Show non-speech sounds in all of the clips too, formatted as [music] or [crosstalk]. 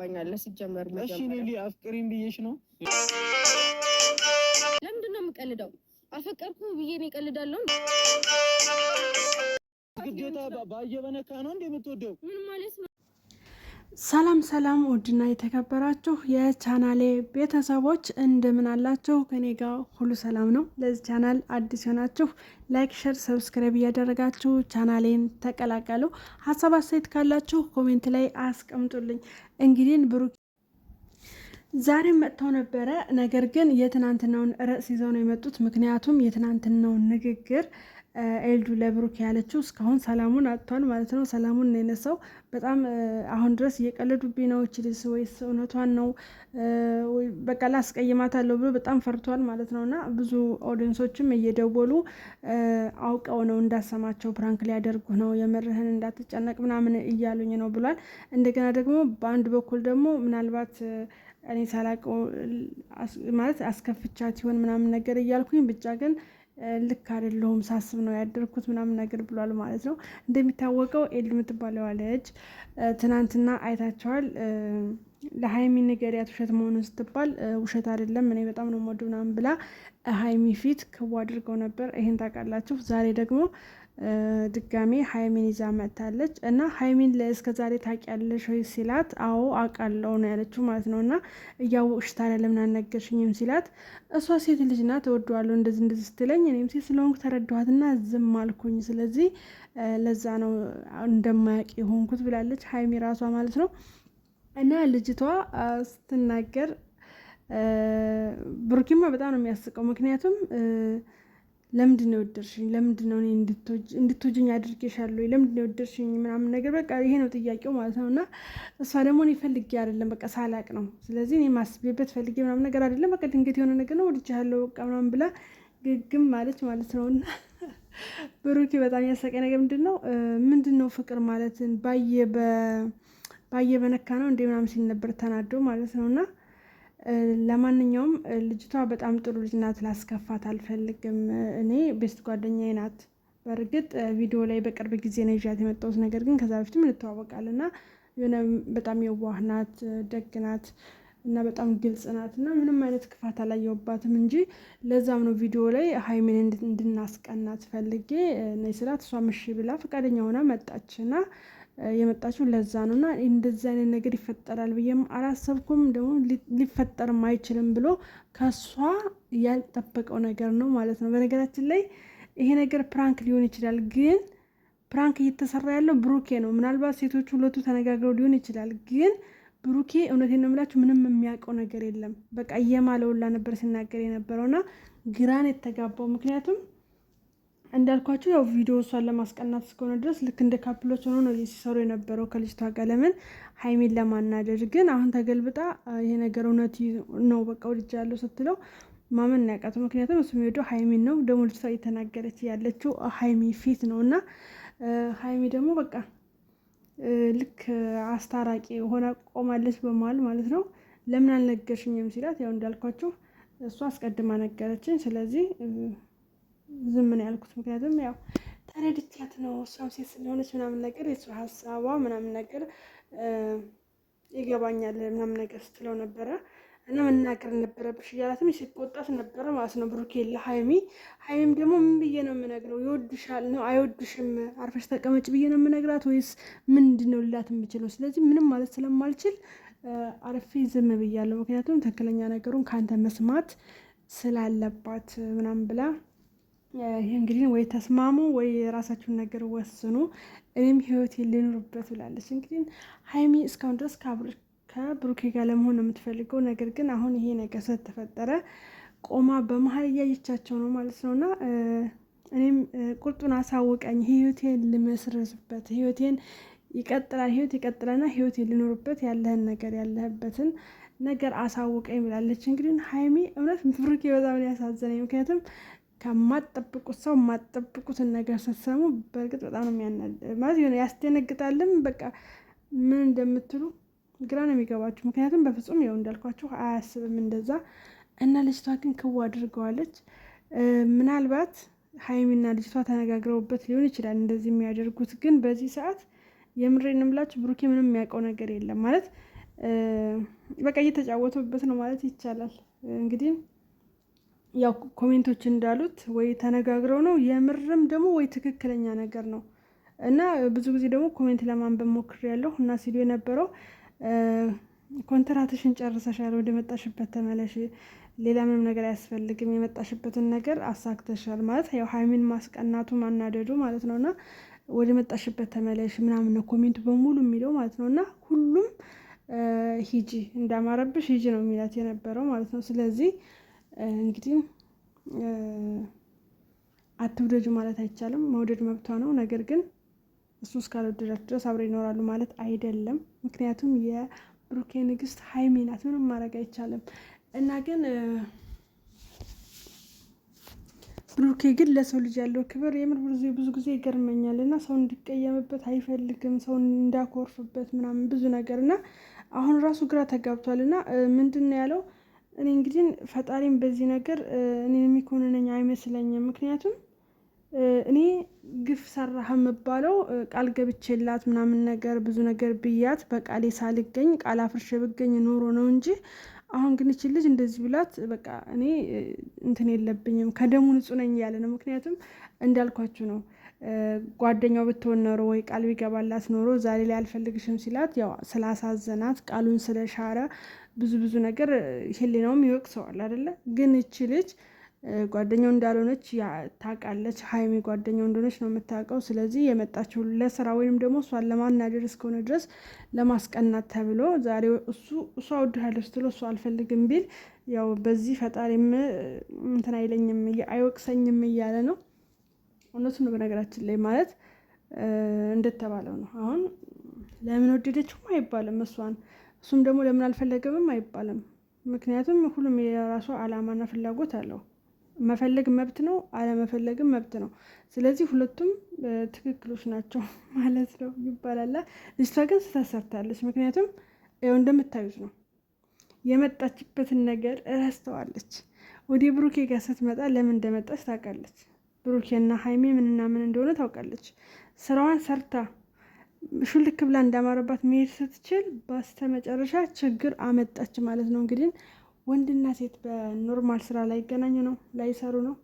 ታገባኛለህ? ሲጀመር እሺ፣ ሌሊ አፍቅሪኝ ብዬሽ ነው። ለምንድን ነው የምቀልደው? አፈቀርኩ ብዬ ነው የቀልዳለሁ? ግዴታ ባየበነካ ነው እንደምትወደው ምን ማለት ነው? ሰላም ሰላም ውድና የተከበራችሁ የቻናሌ ቤተሰቦች እንደምን አላችሁ? ከኔ ጋር ሁሉ ሰላም ነው። ለዚህ ቻናል አዲስ የሆናችሁ ላይክ፣ ሸር፣ ሰብስክራይብ እያደረጋችሁ ቻናሌን ተቀላቀሉ። ሀሳብ አስተያየት ካላችሁ ኮሜንት ላይ አስቀምጡልኝ። እንግዲህ ብሩክ ዛሬም መጥተው ነበረ። ነገር ግን የትናንትናውን ርዕስ ይዘው ነው የመጡት። ምክንያቱም የትናንትናውን ንግግር ኤልዱ ለብሩክ ያለችው እስካሁን ሰላሙን አጥቷል ማለት ነው። ሰላሙን ነው የነሳው። በጣም አሁን ድረስ እየቀለዱብኝ ነው ይችልስ ወይስ እውነቷን ነው በቃ ላስቀይማታለሁ ብሎ በጣም ፈርቷል ማለት ነው። እና ብዙ ኦዲየንሶችም እየደወሉ አውቀው ነው እንዳሰማቸው ፕራንክ ሊያደርጉ ነው የመርህን እንዳትጨነቅ ምናምን እያሉኝ ነው ብሏል። እንደገና ደግሞ በአንድ በኩል ደግሞ ምናልባት እኔ ሳላቀው ማለት አስከፍቻት ይሆን ምናምን ነገር እያልኩኝ ብቻ ግን ልክ አይደለሁም ሳስብ ነው ያደርኩት ምናምን ነገር ብሏል ማለት ነው። እንደሚታወቀው ኤል የምትባለዋ ልጅ ትናንትና አይታቸዋል። ለሀይሚ ንገሪያት ውሸት መሆኑን ስትባል ውሸት አይደለም እኔ በጣም ነው የምወደው ምናምን ብላ ሀይሚ ፊት ክቡ አድርገው ነበር። ይሄን ታውቃላችሁ። ዛሬ ደግሞ ድጋሜ ሀይሚን ይዛ መጥታለች እና ሀይሚን እስከ ዛሬ ታውቂያለሽ ወይ ሲላት፣ አዎ አውቃለሁ ነው ያለችው ማለት ነው። እና እያወቅሽ ታዲያ ለምን አልነገርሽኝም ሲላት፣ እሷ ሴት ልጅ ናት እወደዋለሁ እንደዚህ እንደዚህ ስትለኝ እኔም ሴት ስለሆንኩ ተረዳኋትና ዝም አልኩኝ። ስለዚህ ለዛ ነው እንደማያውቅ የሆንኩት ብላለች ሀይሚ ራሷ ማለት ነው። እና ልጅቷ ስትናገር ብሩኪማ በጣም ነው የሚያስቀው ምክንያቱም ለምንድን ነው የወደድሽኝ? ለምንድን ነው እኔ እንድትወጂኝ አድርጌሻለሁ? ለምንድን ነው የወደድሽኝ? ምናምን ነገር በቃ ይሄ ነው ጥያቄው ማለት ነው። እና እሷ ደግሞ እኔ ፈልጌ አይደለም በቃ ሳላቅ ነው። ስለዚህ እኔ ማስቤበት ፈልጌ ምናምን ነገር አይደለም በቃ ድንገት የሆነ ነገር ነው ወድጄሃለሁ በቃ ምናምን ብላ ግግም ማለች ማለት ነው። እና ብሩኬ በጣም ያሳቀኝ ነገር ምንድን ነው ምንድን ነው ፍቅር ማለትን ባየ በነካ ነው እንደ ምናምን ሲል ነበር ተናዶ ማለት ነው እና ለማንኛውም ልጅቷ በጣም ጥሩ ልጅ ናት። ላስከፋት አልፈልግም። እኔ ቤስት ጓደኛዬ ናት። በእርግጥ ቪዲዮ ላይ በቅርብ ጊዜ ነው ይዣት የመጣሁት። ነገር ግን ከዛ በፊትም እንተዋወቃለን እና የሆነ በጣም የዋህ ናት፣ ደግ ናት እና በጣም ግልጽ ናት እና ምንም አይነት ክፋት አላየሁባትም እንጂ ለዛም ነው ቪዲዮ ላይ ሀይሚን እንድናስቀናት ፈልጌ ነይ ስላት እሷም ምሽ ብላ ፈቃደኛ ሆና መጣች እና የመጣችው ለዛ ነው እና እንደዚህ አይነት ነገር ይፈጠራል ብዬም አላሰብኩም። ደግሞ ሊፈጠርም አይችልም ብሎ ከሷ ያልጠበቀው ነገር ነው ማለት ነው። በነገራችን ላይ ይሄ ነገር ፕራንክ ሊሆን ይችላል፣ ግን ፕራንክ እየተሰራ ያለው ብሩኬ ነው። ምናልባት ሴቶቹ ሁለቱ ተነጋግረው ሊሆን ይችላል፣ ግን ብሩኬ እውነቴን ነው የምላችሁ ምንም የሚያውቀው ነገር የለም። በቃ እየማለውላ ነበር ሲናገር የነበረውና ግራን የተጋባው ምክንያቱም እንዳልኳቸው ያው ቪዲዮ እሷን ለማስቀናት እስከሆነ ድረስ ልክ እንደ ካፕሎች ሆኖ ነው ሲሰሩ የነበረው ከልጅቷ ጋር ለምን ሀይሚን ለማናደድ። ግን አሁን ተገልብጣ ይሄ ነገር እውነት ነው በቃ ወድጃ ያለው ስትለው ማመን ያቃተው ምክንያቱም እሱ የሚወደው ሀይሚን ነው። ደግሞ ልጅቷ እየተናገረች ያለችው ሀይሚ ፊት ነው እና ሀይሚ ደግሞ በቃ ልክ አስታራቂ ሆና ቆማለች በመሀል ማለት ነው። ለምን አልነገርሽኝም ሲላት ያው እንዳልኳቸው እሷ አስቀድማ ነገረችን ስለዚህ ዝም ነው ያልኩት። ምክንያቱም ያው ተረድቻት ነው እሷም ሴት ስለሆነች ምናምን ነገር የሱ ሀሳቧ ምናምን ነገር ይገባኛል ምናምን ነገር ስትለው ነበረ እና መናገር ነበረብሽ እያላትም ሲቆጣት ነበረ ማለት ነው ብሩኬል ሀይሚ ሀይሚም ደግሞ ምን ብዬ ነው የምነግረው? ይወዱሻል ነው አይወዱሽም፣ አርፈሽ ተቀመጭ ብዬ ነው የምነግራት ወይስ ምንድን ነው ልላት የምችለው? ስለዚህ ምንም ማለት ስለማልችል አርፌ ዝም ብያለሁ። ምክንያቱም ትክክለኛ ነገሩን ከአንተ መስማት ስላለባት ምናምን ብላ ይህ እንግዲህ ወይ ተስማሙ ወይ የራሳችሁን ነገር ወስኑ፣ እኔም ህይወቴ ልኑርበት ብላለች። እንግዲህ ሀይሚ እስካሁን ድረስ ከብሩኬ ጋር ለመሆን ነው የምትፈልገው። ነገር ግን አሁን ይሄ ነገር ስለተፈጠረ ቆማ በመሀል እያየቻቸው ነው ማለት ነው እና እኔም ቁርጡን አሳውቀኝ፣ ህይወቴን ልመስረዝበት፣ ህይወቴን ይቀጥላል፣ ህይወት ይቀጥላልና ህይወቴ ልኖርበት፣ ያለህን ነገር ያለህበትን ነገር አሳውቀኝ ብላለች። እንግዲህ ሀይሚ እውነት ብሩኬ በጣም ያሳዘነኝ ምክንያቱም ከማጠብቁት ሰው የማትጠብቁትን ነገር ስትሰሙ በእርግጥ በጣም ነው ማለት ሆነ ያስደነግጣልም። በቃ ምን እንደምትሉ ግራ ነው የሚገባችሁ። ምክንያቱም በፍጹም ው እንዳልኳችሁ አያስብም እንደዛ እና ልጅቷ ግን ክቡ አድርገዋለች። ምናልባት ሀይሚና ልጅቷ ተነጋግረውበት ሊሆን ይችላል እንደዚህ የሚያደርጉት። ግን በዚህ ሰዓት የምሬን እምላችሁ ብሩኬ ምንም የሚያውቀው ነገር የለም ማለት በቃ እየተጫወቱበት ነው ማለት ይቻላል እንግዲህ ያው ኮሜንቶች እንዳሉት ወይ ተነጋግረው ነው የምርም ደግሞ ወይ ትክክለኛ ነገር ነው እና ብዙ ጊዜ ደግሞ ኮሜንት ለማንበብ ሞክሬያለሁ እና ሲሉ የነበረው ኮንትራትሽን ጨርሰሻል፣ ወደ መጣሽበት ተመለሽ፣ ሌላ ምንም ነገር አያስፈልግም፣ የመጣሽበትን ነገር አሳክተሻል ማለት ያው ሀይሚን ማስቀናቱ ማናደዱ ማለት ነው እና ወደ መጣሽበት ተመለሽ ምናምን ነው ኮሜንቱ በሙሉ የሚለው ማለት ነው እና ሁሉም ሂጂ እንዳማረብሽ ሂጂ ነው የሚላት የነበረው ማለት ነው ስለዚህ እንግዲህ አትውደዱ ማለት አይቻልም። መውደድ መብቷ ነው። ነገር ግን እሱ እስካልወደዳት ድረስ አብረው ይኖራሉ ማለት አይደለም። ምክንያቱም የብሩኬ ንግስት ሀይሚ ናት። ምንም ማድረግ አይቻልም እና ግን ብሩኬ ግን ለሰው ልጅ ያለው ክብር የምር ብዙ ጊዜ ይገርመኛል እና ሰው እንዲቀየምበት አይፈልግም። ሰው እንዳኮርፍበት ምናምን ብዙ ነገር እና አሁን ራሱ ግራ ተጋብቷል እና ምንድን ነው ያለው እኔ እንግዲህ ፈጣሪም በዚህ ነገር እኔ የሚኮንነኝ አይመስለኝም። ምክንያቱም እኔ ግፍ ሰራህ የምባለው ቃል ገብቼላት ምናምን ነገር ብዙ ነገር ብያት በቃሌ ሳልገኝ ቃል አፍርሽ ብገኝ ኖሮ ነው እንጂ አሁን ግን ይችን ልጅ እንደዚህ ብላት በቃ እኔ እንትን የለብኝም ከደሙ ንጹሕ ነኝ ያለ ነው። ምክንያቱም እንዳልኳችሁ ነው ጓደኛው ብትሆን ኖሮ ወይ ቃል ቢገባላት ኖሮ ዛሬ ላይ አልፈልግሽም ሲላት ያው ስላሳዘናት ቃሉን ስለሻረ ብዙ ብዙ ነገር ህሊናውም ይወቅሰዋል አደለ። ግን እቺ ልጅ ጓደኛው እንዳልሆነች ታውቃለች። ሀይሚ ጓደኛው እንደሆነች ነው የምታውቀው። ስለዚህ የመጣችው ለስራ ወይም ደግሞ እሷን ለማናደር እስከሆነ ድረስ ለማስቀናት ተብሎ ዛሬ እሱ እሷ እወድሃለሁ ትሎ እሱ አልፈልግም ቢል ያው በዚህ ፈጣሪም እንትን አይለኝም አይወቅሰኝም እያለ ነው። እውነቱ ነው በነገራችን ላይ ማለት እንደተባለው ነው። አሁን ለምን ወደደችውም አይባልም እሷን እሱም ደግሞ ለምን አልፈለገም አይባልም። ምክንያቱም ሁሉም የራሱ አላማና ፍላጎት አለው። መፈለግ መብት ነው፣ አለመፈለግም መብት ነው። ስለዚህ ሁለቱም ትክክሎች ናቸው [laughs] ማለት ነው ይባላላ። ልጅቷ ግን ስታሰርታለች። ምክንያቱም ያው እንደምታዩት ነው የመጣችበትን ነገር ረስተዋለች። ወደ ብሩኬ ጋር ስትመጣ ለምን እንደመጣች ታውቃለች። ብሩኬና ሀይሜ ምንና ምን እንደሆነ ታውቃለች። ስራዋን ሰርታ ሹልክ ብላ እንዳማረባት መሄድ ስትችል በስተመጨረሻ ችግር አመጣች ማለት ነው። እንግዲህ ወንድና ሴት በኖርማል ስራ ላይ ይገናኙ ነው ላይሰሩ ነው።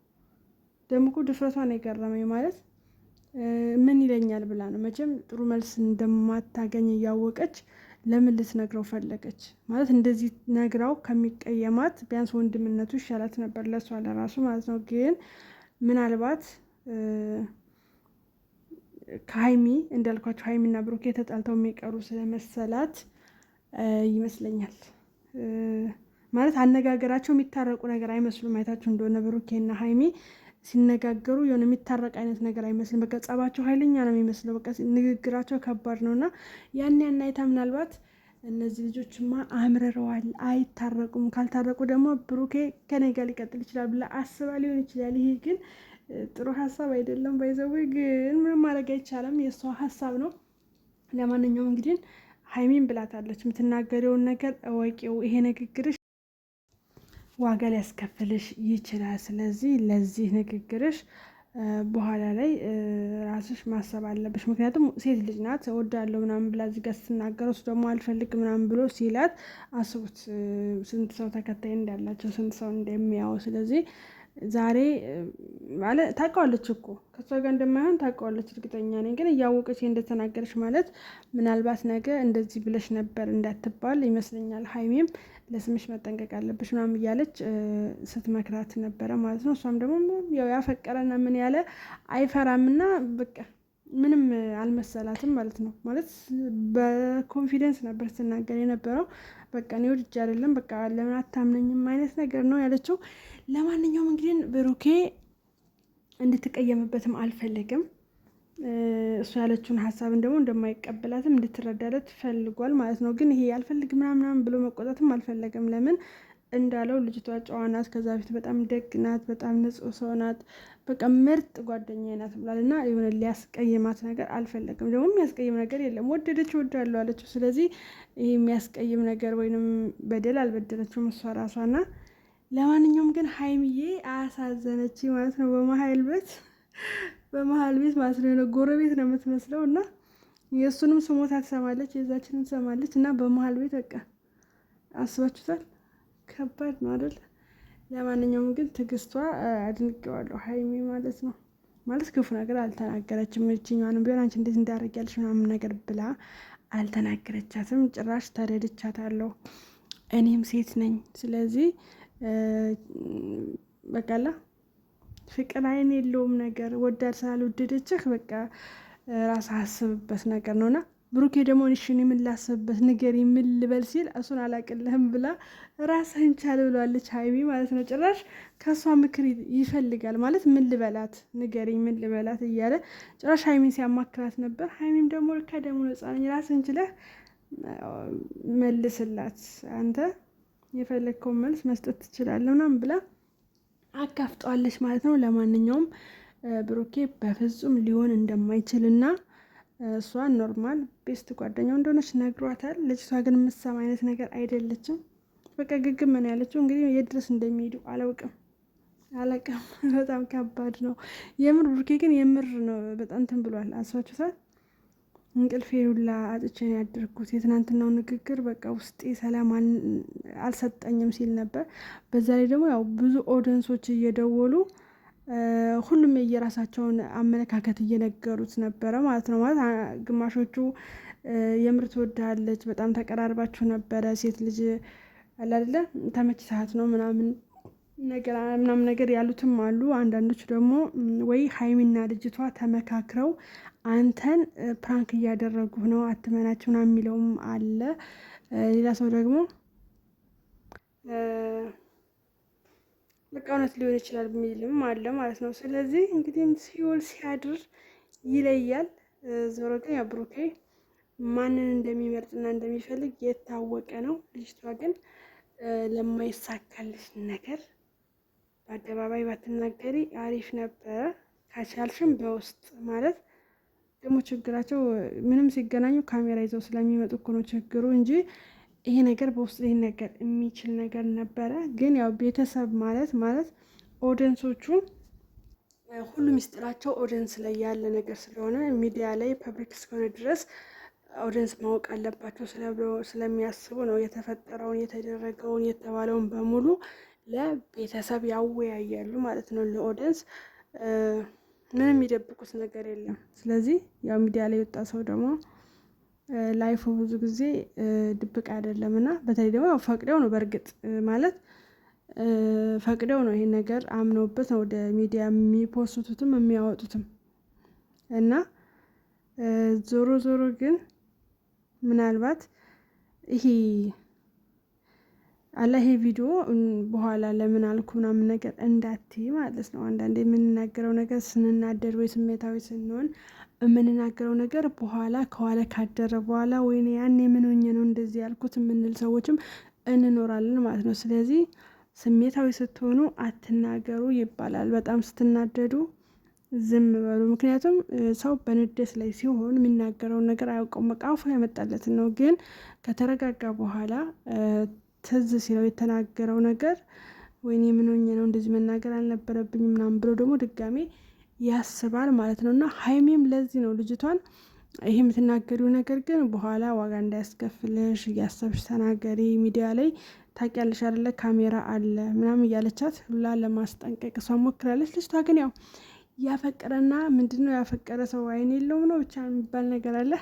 ደግሞ እኮ ድፍረቷን የገረመኝ ማለት ምን ይለኛል ብላ ነው። መቼም ጥሩ መልስ እንደማታገኝ እያወቀች ለምን ልትነግረው ፈለገች ማለት እንደዚህ ነግራው ከሚቀየማት ቢያንስ ወንድምነቱ ይሻላት ነበር ለሷ ለራሱ ማለት ነው። ግን ምናልባት ከሀይሚ እንዳልኳቸው ሀይሚና ብሩኬ ተጣልተው የሚቀሩ ስለመሰላት ይመስለኛል። ማለት አነጋገራቸው የሚታረቁ ነገር አይመስሉም። አይታችሁ እንደሆነ ብሩኬና ሀይሚ ሲነጋገሩ የሆነ የሚታረቅ አይነት ነገር አይመስልም። በቃ ጸባቸው ኃይለኛ ነው የሚመስለው። በቃ ንግግራቸው ከባድ ነው እና ያን ያን አይታ ምናልባት እነዚህ ልጆችማ አምርረዋል፣ አይታረቁም፣ ካልታረቁ ደግሞ ብሩኬ ከኔ ጋር ሊቀጥል ይችላል ብላ አስባ ሊሆን ይችላል። ይሄ ግን ጥሩ ሀሳብ አይደለም። ባይዘዌ ግን ምንም ማድረግ አይቻልም። የእሷ ሀሳብ ነው። ለማንኛውም እንግዲህ ሀይሚን ብላታለች፣ የምትናገረውን ነገር እወቂው፣ ይሄ ንግግርሽ ዋጋ ሊያስከፍልሽ ይችላል። ስለዚህ ለዚህ ንግግርሽ በኋላ ላይ ራስሽ ማሰብ አለብሽ። ምክንያቱም ሴት ልጅ ናት እወዳለሁ ምናምን ብላ እዚህ ጋር ስትናገረው እሱ ደግሞ አልፈልግ ምናምን ብሎ ሲላት አስቡት፣ ስንት ሰው ተከታይ እንዳላቸው ስንት ሰው እንደሚያው ስለዚህ ዛሬ ማለት ታውቀዋለች እኮ ከእሷ ጋር እንደማይሆን ታውቀዋለች፣ እርግጠኛ ነኝ። ግን እያወቀች እንደተናገረች ማለት ምናልባት ነገ እንደዚህ ብለሽ ነበር እንዳትባል ይመስለኛል። ሀይሜም ለስምሽ መጠንቀቅ አለብሽ ምናምን እያለች ስትመክራት ነበረ ማለት ነው። እሷም ደግሞ ያው ያፈቀረና ምን ያለ አይፈራምና በቃ ምንም አልመሰላትም ማለት ነው። ማለት በኮንፊደንስ ነበር ስትናገር የነበረው። በቃ እኔ ወድጄ አይደለም በቃ ለምን አታምነኝም አይነት ነገር ነው ያለችው። ለማንኛውም እንግዲህ ብሩኬ እንድትቀየምበትም አልፈልግም። እሱ ያለችውን ሀሳብን ደግሞ እንደማይቀበላትም እንድትረዳለት ፈልጓል ማለት ነው። ግን ይሄ ያልፈልግ ምናምናም ብሎ መቆጣትም አልፈለግም ለምን እንዳለው ልጅቷ ጨዋ ናት፣ ከዛ በፊት በጣም ደግ ናት፣ በጣም ንጹሕ ሰው ናት፣ በቃ ምርጥ ጓደኛ ናት ብላል እና የሆነ ሊያስቀይማት ነገር አልፈለግም። ደግሞ የሚያስቀይም ነገር የለም፣ ወደደች ወዳለሁ አለችው። ስለዚህ ይሄ የሚያስቀይም ነገር ወይንም በደል አልበደለችውም እሷ ራሷና ለማንኛውም ግን ሀይምዬ አሳዘነች ማለት ነው። በመሀል ቤት በመሀል ቤት ማለት ነው ጎረቤት ነው የምትመስለው እና የእሱንም ስሞታ ትሰማለች፣ የዛችንም ትሰማለች እና በመሀል ቤት በቃ አስባችሁታል። ከባድ ነው አይደል? ለማንኛውም ግን ትግስቷ አድንቀዋለሁ ሀይሚ ማለት ነው። ማለት ክፉ ነገር አልተናገረችም። እችኛንም ቢሆን አንቺ እንዴት እንዳደረጊያለሽ ምናምን ነገር ብላ አልተናገረቻትም። ጭራሽ ተረድቻታለሁ፣ እኔም ሴት ነኝ ስለዚህ በቃላ ፍቅር አይን የለውም ነገር ወዳድ ስላልወደደችህ በቃ ራስ አስብበት ነገር ነውና ብሩኬ ደግሞ እሽን የምላስብበት ነገር የምልበል ሲል እሱን አላቅልህም ብላ ራስህን ቻል ብለዋለች ሀይሚ ማለት ነው። ጭራሽ ከእሷ ምክር ይፈልጋል ማለት ምን ልበላት ንገሪኝ፣ ምን ልበላት እያለ ጭራሽ ሀይሚን ሲያማክራት ነበር። ሀይሚም ደግሞ ልካ ደግሞ ነጻ ነኝ ራስህን ችለህ መልስላት አንተ የፈለግከውን መልስ መስጠት ትችላለህ ምናምን ብላ አካፍጠዋለች ማለት ነው። ለማንኛውም ብሩኬ በፍጹም ሊሆን እንደማይችል እና እሷ ኖርማል ቤስት ጓደኛው እንደሆነች ነግሯታል። ልጅቷ ግን የምትሰማ አይነት ነገር አይደለችም። በቃ ግግም ምን ያለችው እንግዲህ የት ድረስ እንደሚሄዱ አላውቅም አለቀም። [laughs] በጣም ከባድ ነው የምር። ብሩኬ ግን የምር ነው በጣም እንትን ብሏል። አስባችሁታል እንቅልፌ ሁላ አጥቼን ያደርኩት የትናንትናው ንግግር በቃ ውስጤ ሰላም አልሰጠኝም ሲል ነበር። በዛ ላይ ደግሞ ያው ብዙ ኦዲየንሶች እየደወሉ ሁሉም የየራሳቸውን አመለካከት እየነገሩት ነበረ ማለት ነው። ማለት ግማሾቹ የምር ትወዳለች፣ በጣም ተቀራርባችሁ ነበረ፣ ሴት ልጅ አላደለ ተመች ሰዓት ነው ምናምን ነገር ምናምን ነገር ያሉትም አሉ። አንዳንዶች ደግሞ ወይ ሀይሚና ልጅቷ ተመካክረው አንተን ፕራንክ እያደረጉ ነው አትመናቸው ምናምን የሚለውም አለ። ሌላ ሰው ደግሞ በቃ እውነት ሊሆን ይችላል የሚልም አለ ማለት ነው። ስለዚህ እንግዲህ ሲውል ሲያድር ይለያል። ዞሮ ግን ያው ብሩኬ ማንን እንደሚመርጥና እንደሚፈልግ የታወቀ ነው። ልጅቷ ግን ለማይሳካልሽ ነገር በአደባባይ ባትናገሪ አሪፍ ነበረ። ከቻልሽም በውስጥ ማለት ደግሞ ችግራቸው ምንም ሲገናኙ ካሜራ ይዘው ስለሚመጡ እኮ ነው ችግሩ እንጂ ይሄ ነገር በውስጥ ሊነገር የሚችል ነገር ነበረ። ግን ያው ቤተሰብ ማለት ማለት ኦዲንሶቹ ሁሉ ሚስጥራቸው ኦዲንስ ላይ ያለ ነገር ስለሆነ ሚዲያ ላይ ፐብሊክ እስከሆነ ድረስ ኦዲንስ ማወቅ አለባቸው ስለሚያስቡ ነው የተፈጠረውን የተደረገውን የተባለውን በሙሉ ለቤተሰብ ያወያያሉ ማለት ነው። ለኦዲንስ ምንም የሚደብቁት ነገር የለም። ስለዚህ ያው ሚዲያ ላይ የወጣ ሰው ደግሞ ላይፉ ብዙ ጊዜ ድብቅ አይደለም እና በተለይ ደግሞ ፈቅደው ነው በእርግጥ ማለት ፈቅደው ነው ይሄን ነገር አምነውበት ነው ወደ ሚዲያ የሚፖስቱትም የሚያወጡትም እና ዞሮ ዞሮ ግን ምናልባት ይሄ አላ ይሄ ቪዲዮ በኋላ ለምን አልኩ ምናምን ነገር እንዳትይ ማለት ነው። አንዳንዴ የምንናገረው ነገር ስንናደድ ወይ ስሜታዊ ስንሆን የምንናገረው ነገር በኋላ ከኋላ ካደረ በኋላ ወይ ያን ምን ነው እንደዚህ ያልኩት የምንል ሰዎችም እንኖራለን ማለት ነው። ስለዚህ ስሜታዊ ስትሆኑ አትናገሩ ይባላል። በጣም ስትናደዱ ዝም በሉ። ምክንያቱም ሰው በንዴት ላይ ሲሆን የሚናገረውን ነገር አያውቀው መቃፉ ያመጣለትን ነው። ግን ከተረጋጋ በኋላ ትዝ ሲለው የተናገረው ነገር ወይኔ የምንኝ ነው እንደዚህ መናገር አልነበረብኝ ምናምን ብሎ ደግሞ ድጋሜ ያስባል ማለት ነው። እና ሀይሜም ለዚህ ነው ልጅቷን ይሄ የምትናገሪው ነገር ግን በኋላ ዋጋ እንዳያስከፍልሽ እያሰብሽ ተናገሪ፣ ሚዲያ ላይ ታውቂያለሽ አይደለ ካሜራ አለ ምናምን እያለቻት ሁላ ለማስጠንቀቅ እሷ ሞክራለች። ልጅቷ ግን ያው ያፈቀረና ምንድን ነው ያፈቀረ ሰው አይን የለውም ነው ብቻ የሚባል ነገር አለ።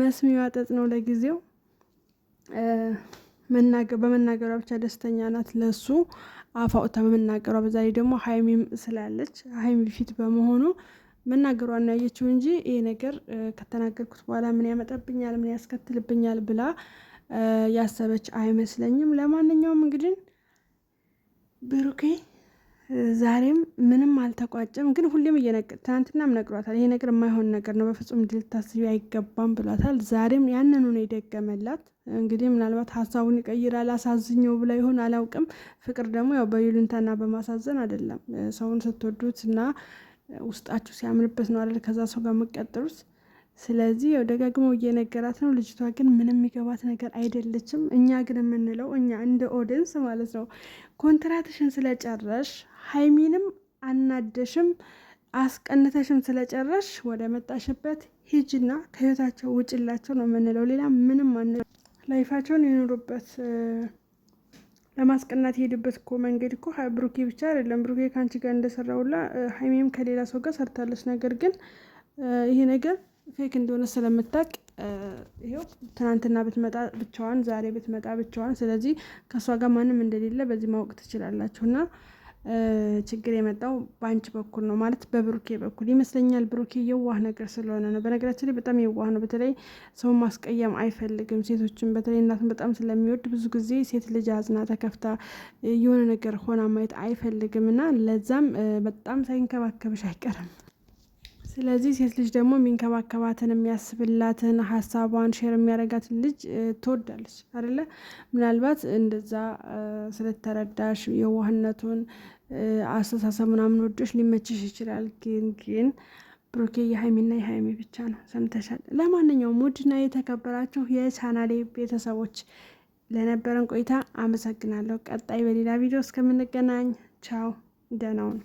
መስሚ ጠጥ ነው ለጊዜው። በመናገሯ ብቻ ደስተኛ ናት። ለሱ አፋውታ በመናገሯ በዛ ላይ ደግሞ ሀይሚም ስላለች ሀይሚ ፊት በመሆኑ መናገሯ ነው ያየችው እንጂ ይሄ ነገር ከተናገርኩት በኋላ ምን ያመጣብኛል፣ ምን ያስከትልብኛል ብላ ያሰበች አይመስለኝም። ለማንኛውም እንግዲህ ብሩኬ ዛሬም ምንም አልተቋጨም፣ ግን ሁሌም እየነገር ትናንትናም ነግሯታል። ይሄ ነገር የማይሆን ነገር ነው፣ በፍጹም ድል ታስቢ አይገባም ብሏታል። ዛሬም ያንኑ ነው የደገመላት። እንግዲህ ምናልባት ሀሳቡን ይቀይራል፣ አሳዝኘው ብላ ይሆን አላውቅም። ፍቅር ደግሞ ያው በይሉንታና በማሳዘን አይደለም። ሰውን ስትወዱት እና ውስጣችሁ ሲያምንበት ነው አይደል ከዛ ሰው ጋር የምትቀጥሉት። ስለዚህ ያው ደጋግመው እየነገራት ነው። ልጅቷ ግን ምንም የሚገባት ነገር አይደለችም። እኛ ግን የምንለው እኛ እንደ ኦዲየንስ ማለት ነው ኮንትራትሽን ስለጨረሽ ሀይሚንም አናደሽም አስቀንተሽም ስለጨረሽ ወደ መጣሽበት ሂጅና ከህይወታቸው ውጭላቸው ነው የምንለው። ሌላ ምንም አን ላይፋቸውን የኖሩበት ለማስቀናት የሄድበት እኮ መንገድ እኮ ብሩኬ ብቻ አይደለም። ብሩኬ ከአንቺ ጋር እንደሰራ ሁላ ሀይሚም ከሌላ ሰው ጋር ሰርታለች። ነገር ግን ይሄ ነገር ፌክ እንደሆነ ስለምታቅ ይኸው ትናንትና ብትመጣ ብቻዋን፣ ዛሬ ብትመጣ ብቻዋን፣ ስለዚህ ከእሷ ጋር ማንም እንደሌለ በዚህ ማወቅ ትችላላችሁ። እና ችግር የመጣው በአንቺ በኩል ነው ማለት በብሩኬ በኩል ይመስለኛል። ብሩኬ የዋህ ነገር ስለሆነ ነው። በነገራችን ላይ በጣም የዋህ ነው። በተለይ ሰው ማስቀየም አይፈልግም። ሴቶችን በተለይ እናትን በጣም ስለሚወድ ብዙ ጊዜ ሴት ልጅ አዝና ተከፍታ የሆነ ነገር ሆና ማየት አይፈልግም እና ለዛም በጣም ሳይንከባከብሽ አይቀርም። ስለዚህ ሴት ልጅ ደግሞ የሚንከባከባትን የሚያስብላትን ሀሳቧን ሼር የሚያደርጋትን ልጅ ትወዳለች አይደለ? ምናልባት እንደዛ ስለተረዳሽ የዋህነቱን አስተሳሰብ ምናምን ወዶች ሊመችሽ ይችላል። ግን ግን ብሩኬ የሀይሚና የሀይሚ ብቻ ነው። ሰምተሻል። ለማንኛውም ውድና የተከበራችሁ የቻናሌ ቤተሰቦች ለነበረን ቆይታ አመሰግናለሁ። ቀጣይ በሌላ ቪዲዮ እስከምንገናኝ ቻው፣ ደህና ሁኑ።